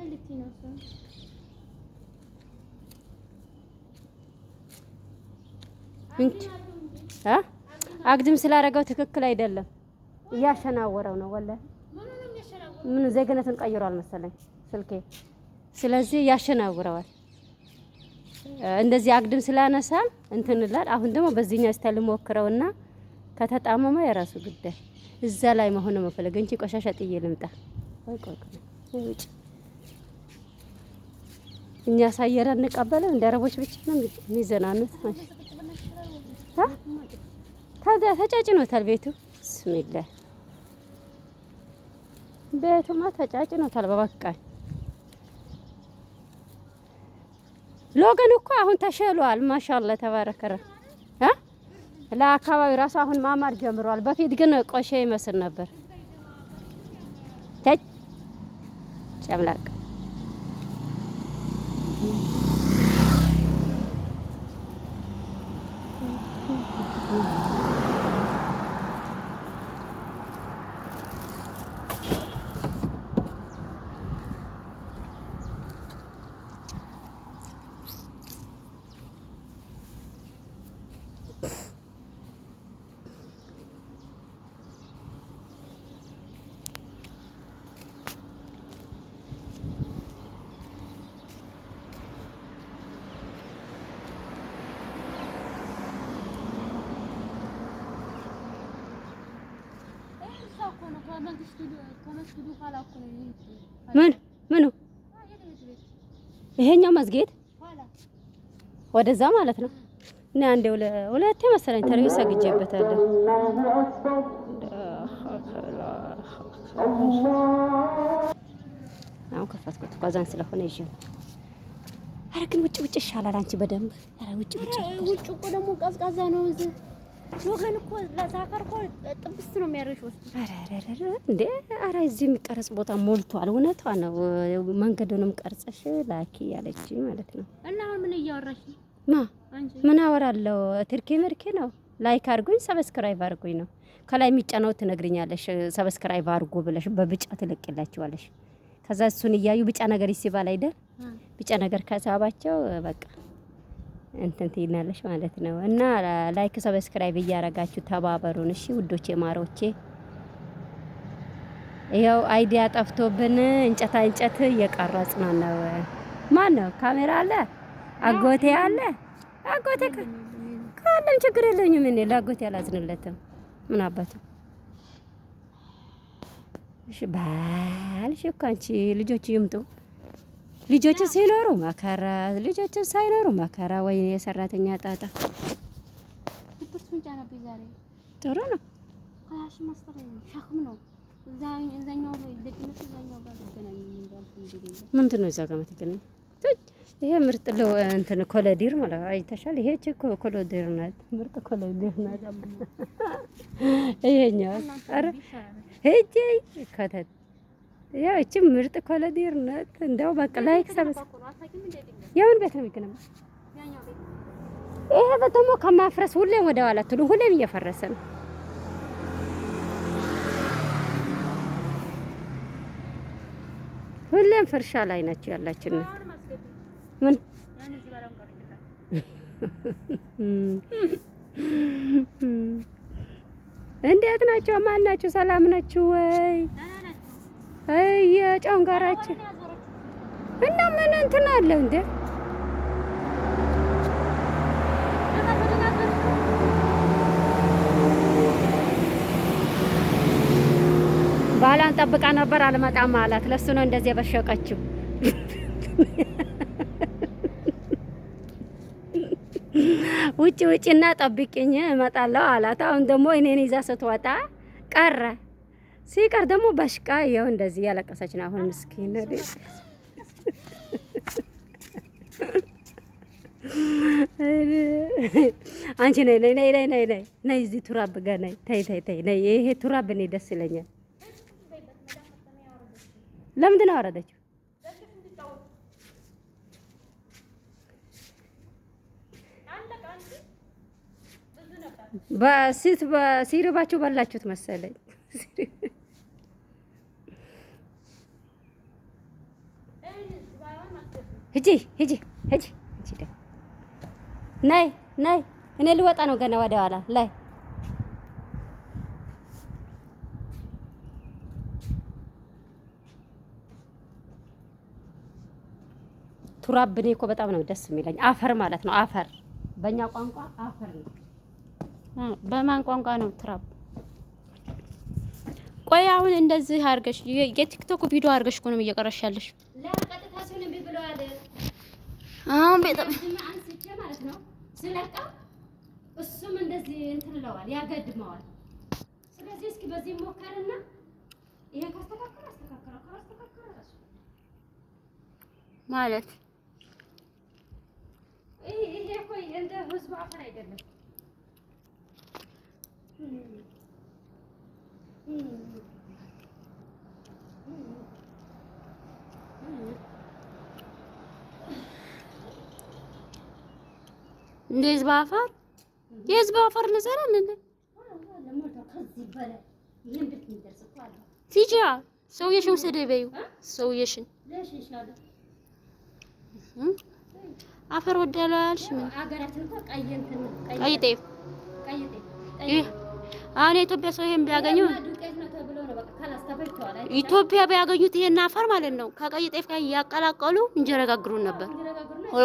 መልእክት ነው እሱ። አግድም ስላደረገው ትክክል አይደለም። እያሸናወረው ነው ወላሂ። ምን ዜግነትን ቀይሯል መሰለኝ ስልኬ። ስለዚህ ያሸናውረዋል። እንደዚህ አግድም ስላነሳ እንትን ይላል። አሁን ደግሞ በዚህኛው ስታይል ሞክረውና ከተጣመመ የራሱ ጉዳይ። እዛ ላይ መሆን መፈለግ እንጂ ቆሻሻ ጥዬ ልምጣ ወይ ቆይ እኛ ሳየራ እንቀበለን እንደ አረቦች ብቻ ነው የሚዘናኑት። ታዲያ ተጫጭኖታል ቤቱ ብስሚላ ቤቱማ ተጫጭኖታል። በበቃኝ ሎገን እኮ አሁን ተሸሏል። ማሻአላ ተባረከረ ለአካባቢ ራሱ አሁን ማማር ጀምሯል። በፊት ግን ቆሼ ይመስል ነበር። ጨምላቅ Mm-hmm. ምን ምኑ ይሄኛው መስጊድ ወደዛ ማለት ነው። እና አንዴ ሁለቴ መሰለኝ ተሪው ሰግጄበታለሁ። አሁን ከፈትኩት ጓዛን ስለሆነ ይዤ ነው። ኧረ ግን ውጭ ውጭ ይሻላል። አንቺ በደንብ ኧረ ውጭ ውጭ ውጭ እኮ ደግሞ ቀዝቃዛ ነው እዚህ ወገን እኮ ለሳከር እኮ ጥብስ ነው የሚያደርግሽ። እንደ ኧረ እዚህ የሚቀረጽ ቦታ ሞልቷል። እውነቷ ነው። መንገዱንም ቀርጸሽ ላኪ ያለች ማለት ነው። እና አሁን ምን እያወራሽ ማ ምን አወራለሁ? ትርኬ መርኬ ነው። ላይክ አድርጉኝ፣ ሰብስክራይብ አድርጉኝ ነው። ከላይ የሚጫነው ትነግርኛለሽ። ሰብስክራይብ አድርጉ ብለሽ በብጫ ትለቅላችኋለሽ። ከዛ እሱን እያዩ ብጫ ነገር ይስባል አይደል? ብጫ ነገር ከሳባቸው በቃ እንትን ትይናለሽ ማለት ነው። እና ላይክ ሰብስክራይብ እያረጋችሁ ተባበሩን እሺ ውዶቼ ማሮቼ። ያው አይዲያ ጠፍቶብን እንጨታ እንጨት እየቀረጽን ነው። ማን ነው? ካሜራ አለ? አጎቴ አለ? አጎቴ ካለም ችግር የለኝም እኔ ለአጎቴ አላዝንለትም። ምን አባቱ እሺ ባልሽ እኮ አንቺ ልጆች ይምጡ ልጆች ሲኖሩ መከራ፣ ልጆች ሳይኖሩ መከራ። ወይ የሰራተኛ ጣጣ ጥሩ ነው። ምንድን ነው እዛ ጋር የምትገናኝ? ይሄ ምርጥ ለው እንትን ኮለዲር ማለት አይተሻል። ይሄ እኮ ኮለዲር ናት፣ ምርጥ ኮለዲር ናት። ይሄኛው አረ ሄጄ ከተት ያው እቺ ምርጥ ኮለዲር ናት። እንደው በቃ ላይክ ሰብስ የምን ቤት ነው የሚገነባ? ይሄ በደሞ ከማፍረስ ሁሌም ወደ ኋላ ትሉ ሁሌም እየፈረሰ ነው። ሁሌም ፍርሻ ላይ ናቸው ያላችን ምን እንዴት ናቸው? ማን ናቸው? ሰላም ናችሁ ወይ? የጨንጋራችን እና ምን እንትን አለ እንዴ? ባሏን ጠብቃ ነበር አልመጣም አላት። ለሱ ነው እንደዚህ የበሸቀችው። ውጭ ውጭና ጠብቅኝ እመጣለሁ አላት። አሁን ደግሞ እኔን ይዛ ስትወጣ ቀረ። ሲቀር ደግሞ በሽቃ ያው እንደዚህ ያለቀሰች ነው። አሁን ምስኪን አንቺ ነይ ነይ ነይ ነይ ነይ ነይ ነይ እዚህ ቱራብ ጋር ነይ። ተይ ተይ ተይ ነይ። ይሄ ቱራብ እኔ ደስ ይለኛል። ለምንድን ነው አወረደችው? በሲት በሲርባችሁ በላችሁት መሰለኝ። ሂጂ ሂጂ ሂጂ ሂጂ ነይ ነይ እኔ ልወጣ ነው ገና ወደ ኋላ ላይ ቱራብ እኔ እኮ በጣም ነው ደስ የሚለኝ አፈር ማለት ነው አፈር በእኛ ቋንቋ አፈር ነው በማን ቋንቋ ነው ቱራብ ቆይ አሁን እንደዚህ አድርገሽ የቲክቶክ ቪዲዮ አድርገሽ እኮ ነው እየቀረሽ ያለሽ። አሁን ማለት እሱም እንደዚህ እንትን ያገድመዋል። ስለዚህ እስኪ በዚህ ሞከርና ይሄ ካስተካከለ አስተካከለ ካስተካከለ ማለት ይሄ እኮ እንደ ህዝብ አፈር አይደለም። እንደ ህዝብ አፈር የህዝብ አፈር እንሰራለን እንዴ? ሲጃ ሰውየሽን ውሰደኝ በይው። ሰውየሽን አፈር ወዳላልሽ ምን ቀይ ጤፍ አሁን የኢትዮጵያ ሰው ይሄን ቢያገኙ ኢትዮጵያ ቢያገኙት ይሄን አፈር ማለት ነው ከቀይ ጤፍ ጋር እያቀላቀሉ እንጀራ ጋግሩን ነበር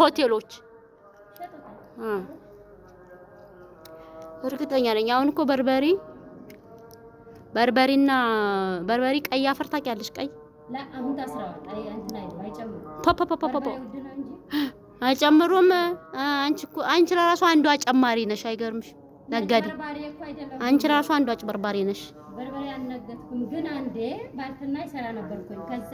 ሆቴሎች። እርግጠኛ ነኝ። አሁን እኮ በርበሪ በርበሪና በርበሪ ቀይ አፈር ታውቂያለሽ? ቀይ አይጨምሩም። አንቺ እኮ አንቺ ለራሱ አንዷ ጨማሪ ነሽ። አይገርምሽ? ነጋዴ አንቺ ራሱ አንዷ አጭበርባሪ ነሽ። በርበሬ አልነገድኩም፣ ግን አንዴ ባልትና ይሰራ ነበርኩኝ። ከዛ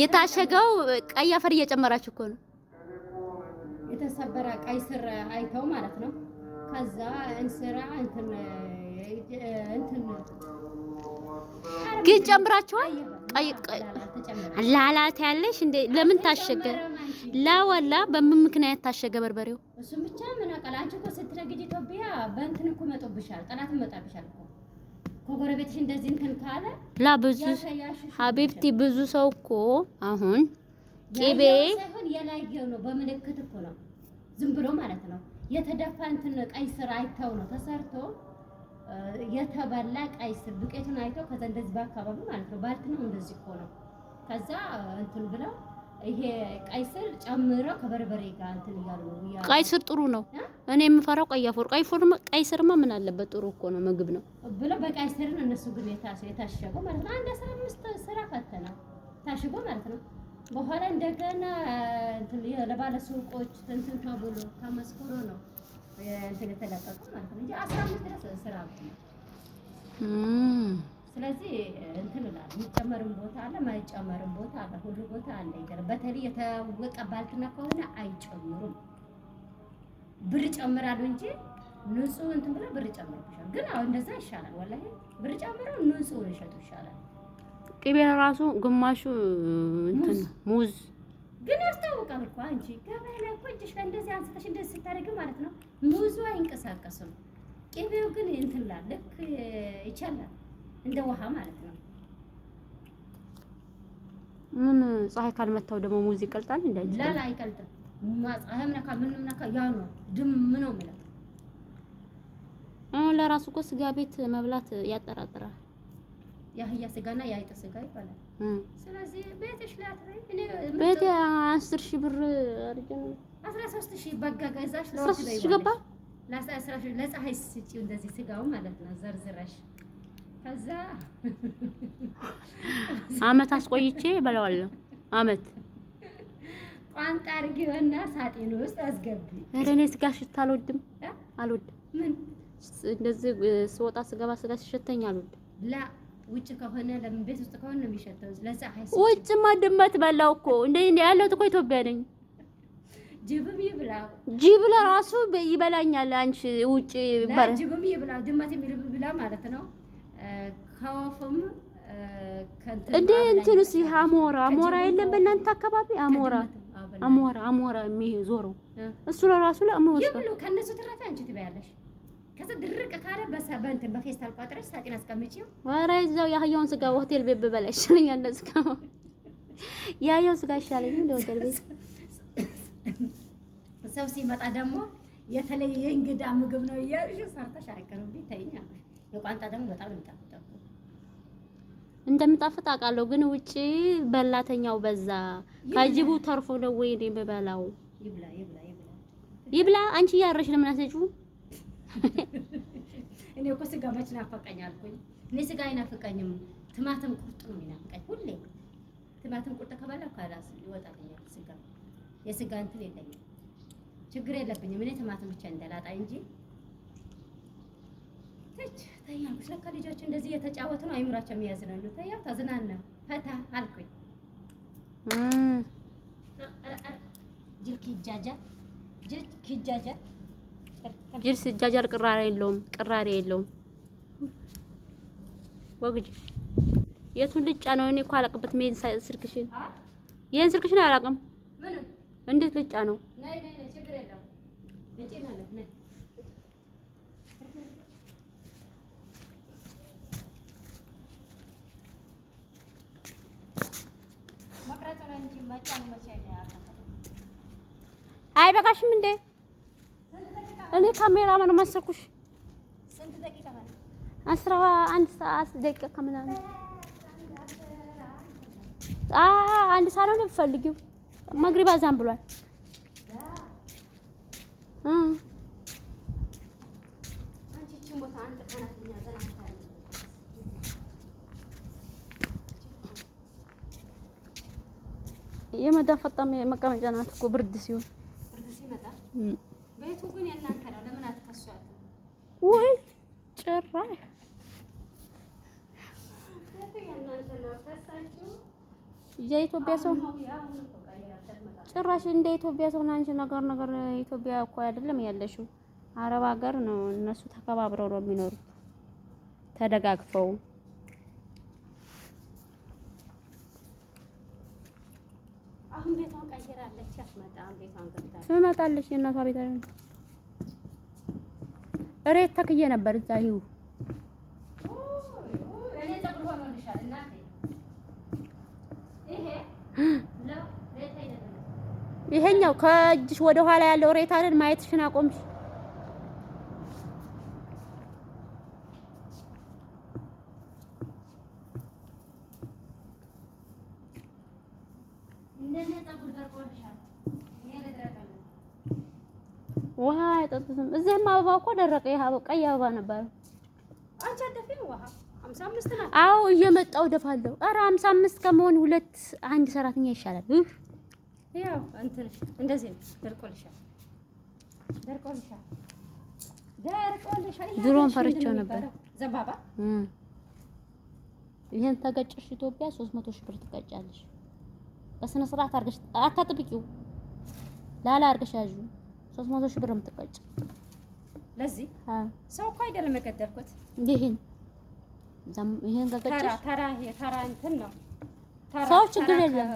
የታሸገው ቀይ አፈር እየጨመራችሁ እኮ ነው። የተሰበረ ቀይ ስር አይተው ማለት ነው። ከዛ እንስራ እንትን እንትን ግን ጨምራችኋል። ቀይ አላላት ያለሽ እንዴ? ለምን ታሸገ? ላዋላ በምን ምክንያት ታሸገ በርበሬው? እሱም ብቻ ምን አውቃለሁ። አንቺ እኮ ኢትዮጵያ በእንትን እኮ ጠላት መጣብሻል እኮ ከጎረቤትሽ እንደዚህ እንትን ካለ ላ ብዙ ሀቢብቲ ብዙ ሰው እኮ አሁን ቂቤ ሳይሆን የላየው ነው፣ በምልክት እኮ ነው፣ ዝም ብሎ ማለት ነው። የተደፋ እንትን ቀይ ስር አይተው ነው ተሰርቶ የተበላ ቀይ ስር ዱቄቱን አይተው ከዛ እንደዚህ በአካባቢ ማለት ነው ባልት ነው እንደዚህ እኮ ነው። ከዛ እንትን ብለው ይሄ ቀይ ስር ጨምረው ከበርበሬ ስር ጥሩ ነው። እኔ የምፈራው ቀይ አፈር ቀይ ፎር ቀይ ስርማ ምን አለበት? ጥሩ እኮ ነው፣ ምግብ ነው ብሎ በቀይ ስር ነው እነሱ ግን የታሸጉ ማለት ነው። አንድ አስራ አምስት ስራ ፈተና ታሽጎ ማለት ነው። በኋላ እንደገና ለባለ ሱቆች እንትን ተብሎ ተመስክሮ ነው እንትን የተለቀቁ ማለት ነው እንጂ አስራ አምስት ስራ ነው። ስለዚህ እንትን እላለሁ። የሚጨመርም ቦታ አለ፣ ማይጨመርም ቦታ አለ። ሁሉ ቦታ አለ። ይገርም። በተለይ የታወቀ ባልትና ከሆነ አይጨምሩም። ብር ጨምራሉ እንጂ ንጹህ እንትን ብለው ብር ጨምሩብሻል። ግን አሁን እንደዛ ይሻላል። ወላሂ ብር ጨምረው ንጹህ ይሸጡ ይሻላል። ቅቤ ራሱ ግማሹ እንትን ሙዝ ግን ያስታውቃል እኮ አንቺ ገበያ ላይ እኮ እጅሽ ከእንደዚህ አንስተሽ እንደዚህ ስታደርግ ማለት ነው ሙዙ አይንቀሳቀስም። ቅቤው ግን እንትላል ልክ ይቻላል እንደ ውሃ ማለት ነው። ምን ፀሐይ ካልመታው ደግሞ ሙዝ ይቀልጣል እንዴ? ላላ አይቀልጥም። ፀሐይም ነካ ምንም ነካ ያ ነው ድም ነው ማለት አሁን ለራሱ እኮ ስጋ ቤት መብላት ያጠራጥራል። የአህያ ስጋና የአይጥ ስጋ ይባላል። ስለዚህ ቤትሽ ቤት አስር ሺህ ብር አስራ ሦስት ሺህ በጋ ገዛሽ ለወጥ ገባ ለፀሐይ ስጪው እንደዚህ ስጋው ማለት ነው ዘርዝረሽ ከዛ አመት አስቆይቼ በላዋለሁ። አመት ቋንጣ አድርጌውና ሳጥን ውስጥ አስገቢ። ኧረ እኔ ስጋ ሽታ አልወድም አልወድም። ምን እንደዚህ ስወጣ ስገባ ስጋ ሲሸተኝ አልወድም። ላ ውጭ ከሆነ ለምን ቤት ውስጥ ከሆነ ነው የሚሸተው። ለፀሐይ ውጭማ ድመት በላው እኮ እንደ ያለሁት እኮ ኢትዮጵያ ነኝ። ጅብም ይብላው ጅብ ለራሱ ይበላኛል። አንቺ ውጭ ይባላል። ጅብም ይብላው ድመት ይብላ ማለት ነው ከወፍም እንደ እንትንስ ይሄ አሞራ አሞራ የለም በእናንተ አካባቢ አሞራ አሞራ አሞራ የሚሄ ዞረው እሱ ለራሱ ለሞት ነው። ከነሱ ትረታ አንቺ ትበያለሽ። ከዛ ድርቅ ካለ በሰበንት በፌስታል ቋጥረሽ ሳጥን አስቀምጪው። ኧረ እዛው የአህያውን ስጋ ሆቴል ቤት ብበላ ይሻለኛል። ለስጋ የአህያውን ስጋ ይሻለኝ ሆቴል ቤት። ሰው ሲመጣ ደግሞ የተለየ እንግዳ ምግብ ነው እያልሽ ሰርተሽ አረከረው ተይኛለሽ የቋንጣ ደግሞ በጣም ነው የሚጣፍጠው። እንደምጣፍጥ አውቃለሁ፣ ግን ውጪ በላተኛው በዛ። ከጅቡ ተርፎ ነው ወይ ነው የምበላው። ይብላ ይብላ ይብላ ይብላ። አንቺ እያረሽ ለምን ምናሰጩ። እኔ እኮ ስጋ መች ናፈቀኝ አልኩኝ። እኔ ስጋ አይናፍቀኝም፣ ትማትም ቁርጥ ነው የሚናፍቀኝ ሁሌ። ትማትም ቁርጥ ከበላ ከራስ ይወጣልኛል ስጋ። የስጋ እንትን የለኝም፣ ችግር የለብኝም። እኔ ትማትም ብቻ እንደላጣ እንጂ ትች ተያልኩሽ። ለካ ልጆች እንደዚህ እየተጫወቱ ነው አይምራቸው የሚያዝናኑ። ተያ ተዝናና ፈታ አልኩኝ። ጅል ሲጃጃል ቅራሬ የለውም፣ ቅራሬ የለውም። ወግጅ የቱን ልጫ ነው? እኔ እኮ አላቅበት። ሜን ስልክሽን ስልክሽን አላቅም። እንዴት ልጫ ነው? አይበቃሽም እንዴ? እኔ ካሜራማን መሰልኩሽ? አስራ አንድ ሰዓት ደቂቃ ከምናምን አንድ ሰዓት ነው የምትፈልጊው? መግሪባ ዛም ብሏል። አንቺ የመዳ ፈጣን መቀመጫ ናት እኮ ብርድ ሲሆን ወይ ጭራሽ የኢትዮጵያ ሰው ጭራሽ እንደ ኢትዮጵያ ሰው አንቺ ነገር ነገር ኢትዮጵያ እኮ አይደለም ያለሽው፣ አረብ ሀገር ነው። እነሱ ተከባብረው ነው የሚኖሩት ተደጋግፈው አሁን ቤቷን ቀይራለች። አትመጣም። ቤቷን ገብታለች። ትመጣለች። የእናቷ ቤት አይሆንም። እሬት ተክዬ ነበር እዛ ይሁ ይሄኛው ከእጅሽ ወደ ኋላ ያለው ሬት አይደል ማየትሽን አቆምሽ። ዝም እዚህም አበባ እኮ ደረቀ። ይሄ ቀይ አበባ ነበር። አዎ እየመጣው ደፋለሁ። ኧረ ሀምሳ አምስት ከመሆን ሁለት አንድ ሰራተኛ ይሻላል። ያው እንትን እንደዚህ ነው። ደርቆልሻል፣ ደርቆልሻል፣ ደርቆልሻል። ድሮን ፈርቼው ነበር። ዘባባ ይሄን ተገጭሽ ኢትዮጵያ ሶስት መቶ ሺህ ብር ትቀጫለሽ። በስነ ስርዓት አርገሽ አታጥብቂው። ላላ አድርገሽ ያዥው። ሶስት መቶ ሺህ ብር የምትቀጭ ለዚህ ሰው እኮ አይደለም የገደልኩት። ይሄን ይሄን እንትን ነው። ሰው ችግር የለም።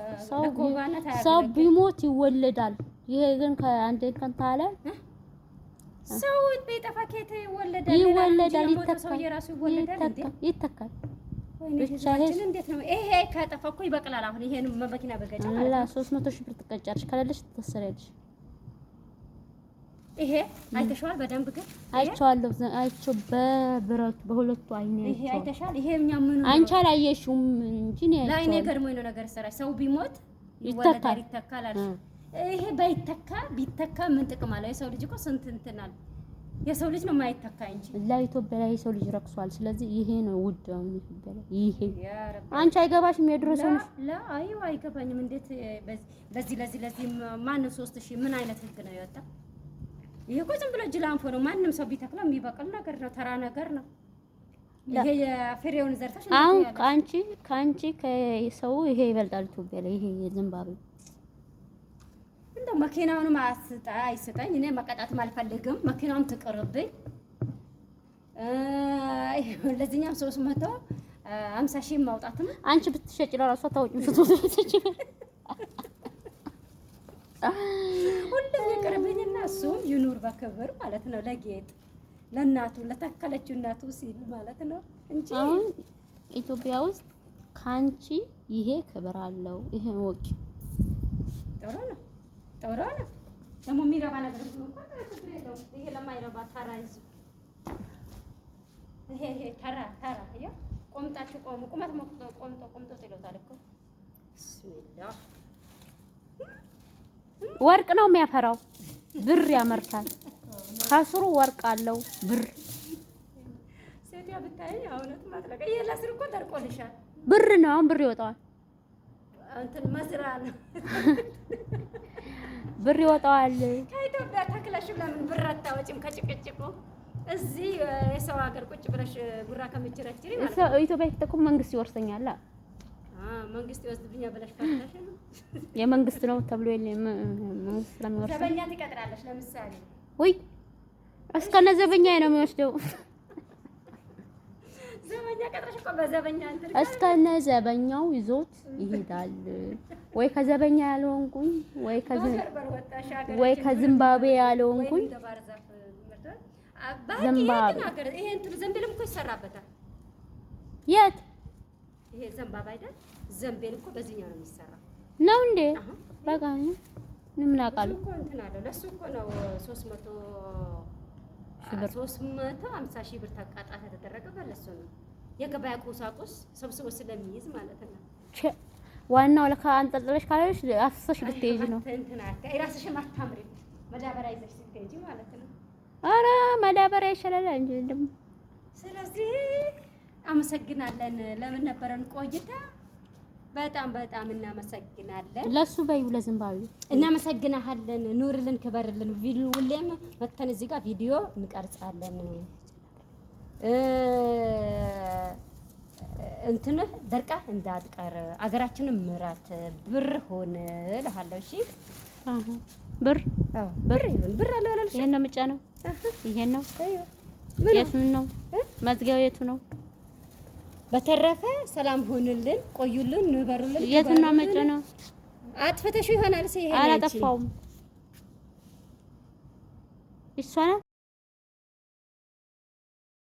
ሰው ቢሞት ይወለዳል። ይሄ ግን ከአንድ ቀን ታለ ሰው ቢጠፋ ከየት ይወለዳል? ይወለዳል፣ ይተካል፣ ይሄ ከጠፋ እኮ ይበቅላል። አሁን ይሄን መኪና በገጨ ሶስት መቶ ሺህ ብር ትቀጫለሽ። ከሌለሽ ትታሰሪያለሽ። ይሄ አይተሻዋል በደንብ ግን አይቼዋለሁ። አይቼው በብረቱ በሁለቱ አይኔ ይሄ አይተሻል። ይሄ እኛ ምን አንቺ አላየሽውም እንጂ ነው ላይ ገርሞኝ ነው ነገር ሰራሽ። ሰው ቢሞት ይወለዳል ይተካል አልሽ። ይሄ ባይተካ ቢተካ ምን ጥቅም አለው? የሰው ልጅ እኮ ስንት እንትን አለ። የሰው ልጅ ነው የማይተካ እንጂ ለኢትዮጵያ ላይ የሰው ልጅ ረክሷል። ስለዚህ ይሄ ነው ውድ አሁን ይሄ ይሄ አንቺ አይገባሽም። የድሮ ሰው አይ አይገባኝም። እንዴት በዚህ ለዚህ ለዚህ ማነው ሦስት ሺህ ምን አይነት ህግ ነው ያወጣ ይሄ እኮ ዝም ብሎ ጅላንፎ ነው። ማንም ሰው ቢተክለው የሚበቅል ነገር ነው፣ ተራ ነገር ነው። ይሄ የፍሬውን ዘርተሽ አሁን ከአንቺ ከአንቺ ከሰው ይሄ ይበልጣል። ኢትዮጵያ ላይ ይሄ የዝምባብዌ እንደው መኪናውንም አስጣ አይስጠኝ። እኔ መቀጣትም አልፈልግም። መኪናውም ትቅርብኝ። ለዚህኛም ሶስት መቶ አምሳ ሺህ ማውጣትም አንቺ ብትሸጭ ለራሷ ታወጪ ሁሉም ይቅርብኝ። እሱም ይኑር በክብር ማለት ነው። ለጌጥ ለእናቱ ለተከለችው እናቱ ሲል ማለት ነው እንጂ አሁን ኢትዮጵያ ውስጥ ከአንቺ ይሄ ክብር አለው። ይሄን ወቂ ጥሩ ነው፣ ጥሩ ነው። ደግሞ የሚረባ ነገር ይሄ ለማይረባ ተራ ይዙ። ይሄ ይሄ ተራ ተራ ይሄ ቆምጣችሁ ቆሙ። ቁመት ሞክቶ ቆምጦ ቆምጦ ይለውታል እኮ ቢስሚላህ። ወርቅ ነው የሚያፈራው ብር ያመርታል። ከስሩ ወርቅ አለው ብር ብር ነው። አሁን ብር ይወጣዋል፣ ብር ይወጣዋል። ከኢትዮጵያ ተክለሽ ለምን ብር አታወጪም? ከጭቅጭቁ እዚህ የሰው ሀገር ቁጭ ብለሽ ጉራ ከምችረችሪ ኢትዮጵያ ተኩም መንግስት ይወርሰኛል፣ መንግስት ይወስድብኛል ብለሽ ካልሽ የመንግስት ነው ተብሎ የለም። መንግስት ለሚወርሰው ዘበኛ ትቀጥራለች። ለምሳሌ ወይ እስከነ ዘበኛ ነው የሚወስደው። ዘበኛ ቀጥረሽ እኮ በዘበኛ እንትን እስከነ ዘበኛው ይዞት ይሄዳል። ወይ ከዘበኛ ያልሆንኩኝ ወይ ከዚህ ወይ ከዝምባብዌ ያልሆንኩኝ ዘምባብ ይሄ እንትን ዘንቤልም እኮ ይሰራበታል። የት ይሄ ዘምባብ አይደል? ዘንቤል እኮ በዚህኛው ነው የሚሰራ ነው እንዴ? በቃ ምን አውቃለሁ ለእሱ እኮ ነው መቶ መቶ ሀምሳ ሺህ ብር ነው። የገበያ ቁሳቁስ ሰብስቦ ስለሚይዝ ማለት ነው። ዋናው ለካ አንጠልጥለሽ ካለሽ አፍሰሽ ልትሄጂ ነው። መዳበሪያ ይዘሽ ማለት ነው። መዳበሪያ ይሻላል እንጂ ደግሞ። ስለዚህ አመሰግናለን። ለምን ነበረን ቆይታ በጣም በጣም እናመሰግናለን። ለሱ በይው ለዝምባብዌ እናመሰግናለን። ኑርልን፣ ክበርልን። ሁሌም መተን እዚህ ጋር ቪዲዮ እንቀርጻለን። እንትን ደርቃ እንዳትቀር አገራችንን ምራት፣ ብር ሆን እልሃለሁ። እሺ ብር ብር ይሁን ብር አለ አለ። ይሄን ነው ምጫ ነው። ይሄን ነው የቱን ነው መዝጊያው? የቱ ነው? በተረፈ ሰላም ሆንልን፣ ቆዩልን፣ ንበሩልን። የትና መጨ ነው አጥፍተሽ ይሆናል። ሲሄድ አላጠፋውም ይሷና